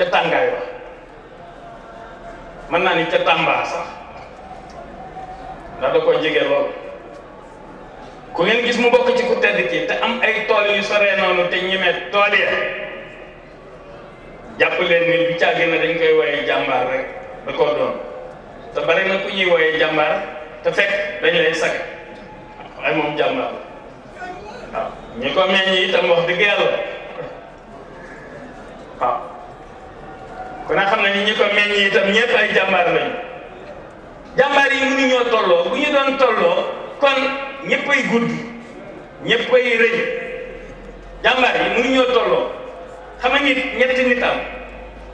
ca tàngaay wax mën naa ni ca Tamba sax ndax da ko jege lool ku ngeen gis mu bokk ci ku tedd ki te am ay tool yu soree noonu te ñemee tool ya jàpp leen ni du na dañ koy woyee jàmbaar rek da koo doon te bari na ku ñuy woyee jàmbaar te fekk dañ lay sag waaye moom jàmbaar waaw ñi ko meññ itam wax dëgg yàlla kon nag xam na ni ñi ko meññ itam ñëpp ay jàmbaar lañu jàmbaar yi mënu ñoo tolloo bu ñu doon tolloo kon ñëppay gudd ñëppay rëy jàmbaar yi mënu ñoo tolloo xam nga nit ñetti nit am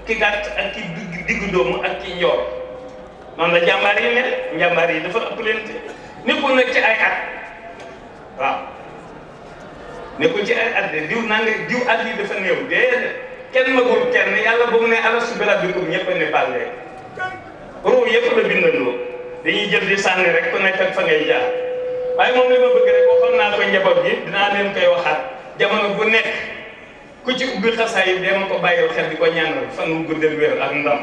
ki gàtt ak ki digg diggu doomu ak ki njoor noonu la jàmbaar yi mel jàmbaar yi dafa ëpp leen nekkul nag ci ay at waaw nekkul ci ay at de diw naa diw at yi dafa néew déedéet kenn magul kenn yàlla bu mu ne alastu bi rabbikum ñëpp a ne bàlle ruu yëpp bindandoo dañuy jël di sànni rek ku nekk fa ngay jaar waaye moom li ma bëgg rek waxoon naa ko njaboot gi dinaa leen koy waxaat jamono bu nekk ku ci ubbi xasaay yi dee ma ko bàyyil xel di ko ñaanal fan wu guddal wér ak ndam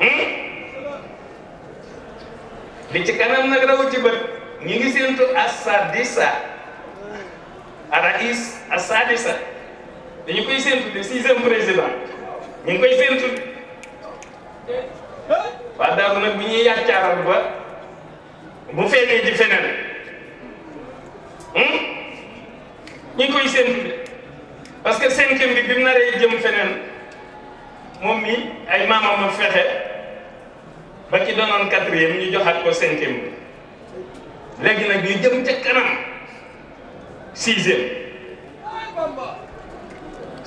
li hmm? ci kanam nag raw ci bët ñu ngi séentu asadisa arais asadisa dañu koy séntu le sixième président ñu ngi koy séntu waa Daaru nag bu ñuy yàccaaral bu fekkee ji feneen hmm? ñu ngi koy séntu de parce que cinquième bi bi mu naree jëm feneen moom mi ay maamam a fexe ba ci doonoon quatrième ñu ak ko cinquième bi léegi nag di jëm ca kanam sixième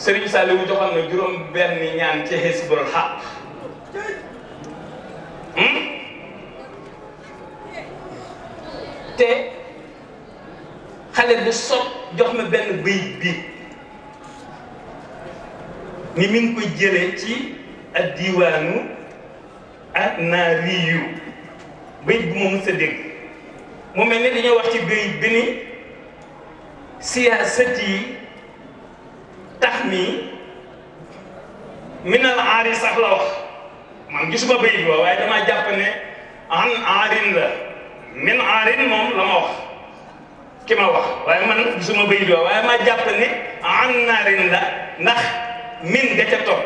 Serigne Saliou joxoon na juróom benn ñaan ci Hizbul Haq hmm? te xale bu sot jox ma benn bëyit bi ni mi ngi koy jëlee ci ak diwaanu ak naari yu bëyit bu ma mës a dégg mu mel ni dañoo wax ci bëyit bi ni siyaasat yi tax nii minal aari sax la wax man gisuma bayit ba waaye damaa jàpp ne an aarin la min aarin moom la ma wax ki ma wax waaye man gisuma bayit ba waaye ma jàpp ne an naarin la ndax min da ca topp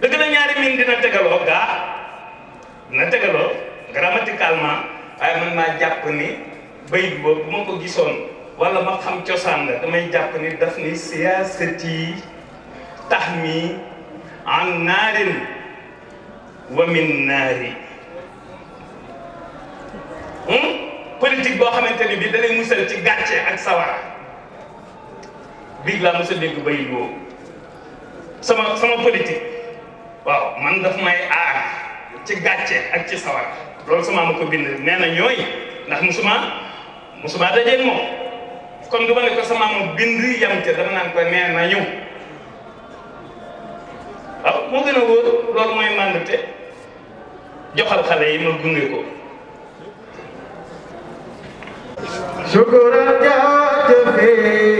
dëgg la ñaari min dina tegaloo gaa dina tegaloo grammaticalement waaye man maa jàpp ni bayit boobu ma ko gisoon wala ma xam cosaan la damay jàpp ni daf ni siyaasati tax mi an naarin wa min naari hmm? politique boo xamante ni bi dalay musal ci gàcce ak sawa biig laa mos a dégg sama sama waaw man daf may aar ci gàcce ak ci sawa lool sama ma ko bind nee na ñooy ndax musuma musuma dajeen moom kon du ma ne ko sama mu bind yam ca dama naan ko nee na ñëw waaw moo gën a wóor loolu mooy màndute joxal xale yi ma gunge ko شكرا جاك فيه